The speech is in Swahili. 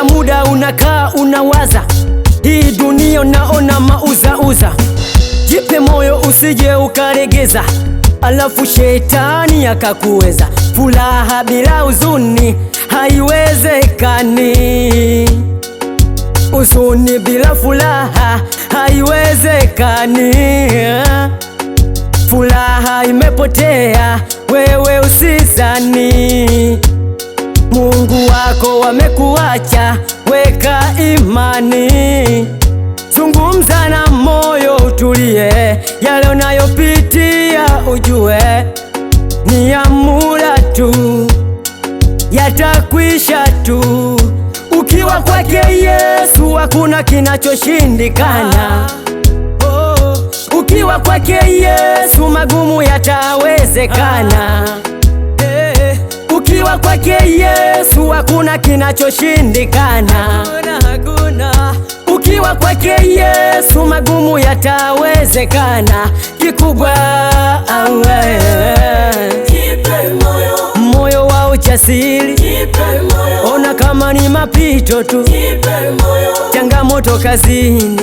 Kila muda unakaa unawaza, hii dunia naona mauzauza. Jipe moyo usije ukaregeza, alafu shetani akakuweza. Furaha bila huzuni haiwezekani, huzuni bila furaha haiwezekani. Furaha imepotea, wewe usizani wako wamekuacha, weka imani, zungumza na moyo utulie, yale unayopitia ujue ni ya tu, yatakwisha tu. Ukiwa kwake Yesu hakuna kinachoshindikana. Oh, ukiwa kwake Yesu magumu yatawezekana. Kuwa kwake Yesu hakuna kinachoshindikana, hakuna. Ukiwa kwake Yesu magumu yatawezekana, kikubwa awe moyo wa uchasiri, ona kama ni mapito tu, changamoto kazini